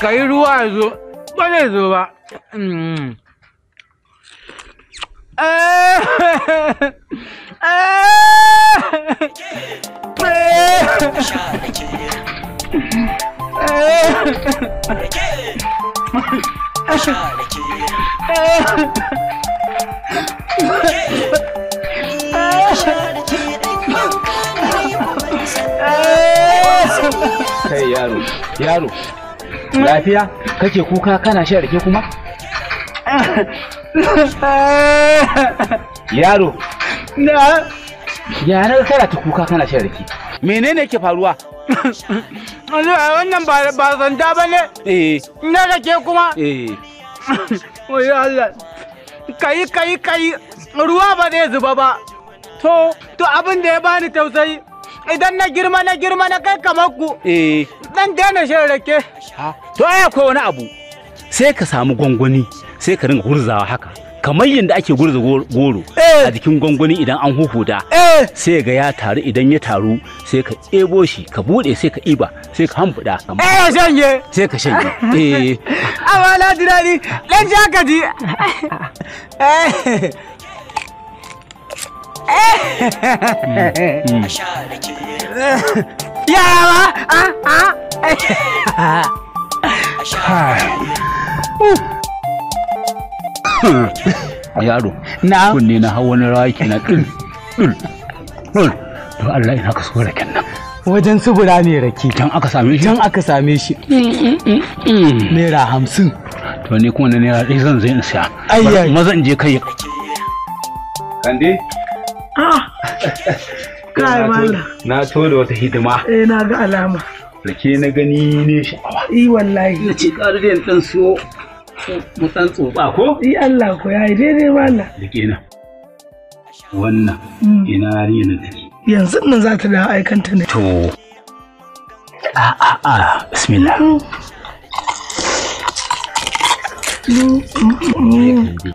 kai ruwa ya zai yaro yaro lafiya kake kuka kana shan rake kuma yaro na ya na kana ta kuka kana shan rake menene ke faruwa wannan ba zanta ba ne eh na rake kuma eh wai Allah kai kai kai ruwa ba zai zuba ba to to abin da ya bani tausayi idan na girma na girma na kai kamar ku eh dan gane shan rake to ai akwai wani abu sai ka samu gwangwani sai ka ringa gurzawa haka kamar yadda ake gurza goro eh. a jikin gwangwani idan an huhuda eh. sai ga ya taru idan ya taru sai ka ebo shi ka bude sai ka iba sai ka hanfuda eh shanye sai ka shanye eh amma na ji dan jaka ji eh Yawa! Ah! Ah! Yaro, kunne na hau wani rawa kenan ɗin, ɗin, ɗin. To Allah ina ka so raken nan. Wajen tsibira ne rake. Can aka same shi? Can aka same shi. Naira hamsin. To ni kuma na naira ɗaya zan zai in siya. Ayya. Maza zan je kai. Kande? Ah! kai mala na to da wata hidima eh na ga alama rake na gani ne sha'awa eh wallahi Na ce ƙaru da ɗan so mu san tsotsa ko eh Allah ko yayi daidai mala rake na wannan mm. ina ne na take yanzu nan za ta da aikanta ne to a a a bismillah mm. Mm,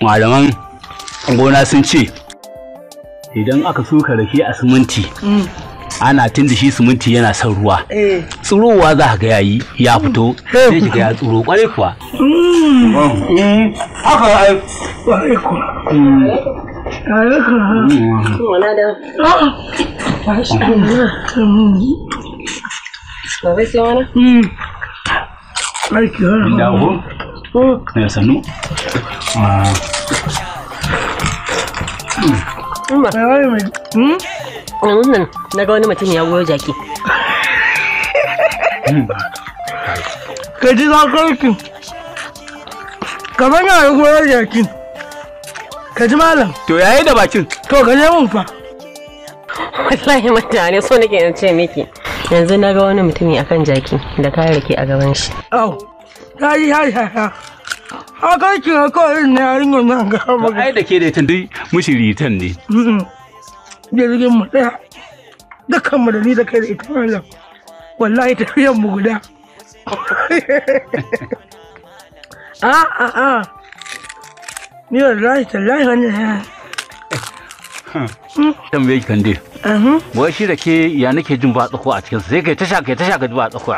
malaman gona sun ce idan aka suka rake a siminti mm. ana tun shi siminti yana son ruwa eh. tsirowa za ka yayi ya fito sai ki ga ya mm. kwarai kuwa mm. haka ai Yanzu nan na ga wani mutum ya goyo jaki. Ka ji zakarki. Kamar na goyo jaki. Ka ji malam. To yayi da bakin. To ka je mun fa. Wallahi mutane so nake in ce miki. Yanzu na ga wani mutumi akan jaki da kayan rake a gaban shi. Au. Hai hai hai. haka kin haka irin na yarinyar nan ga ba ai da ke da ita dai ritan ne da rigin mu daya dukkan mu da ni da kai da ita malam wallahi tafiyar mu guda a a a ni wallahi tallahi wannan bai kan dai wai shi da ke ya nake jin ba tsako a cikin sai kai ta sha kai ta sha ka ba tsako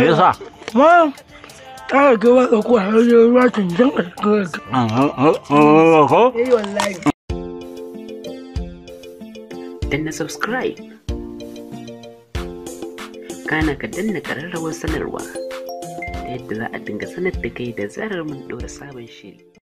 me yasa ƙara gaba da kuwa har yi ruwa cancan a cikin Danna subscribe. Kana ka danna ƙararrawar sanarwa ta yadda za a dinga sanar da kai da zarar mun ɗora sabon shiri.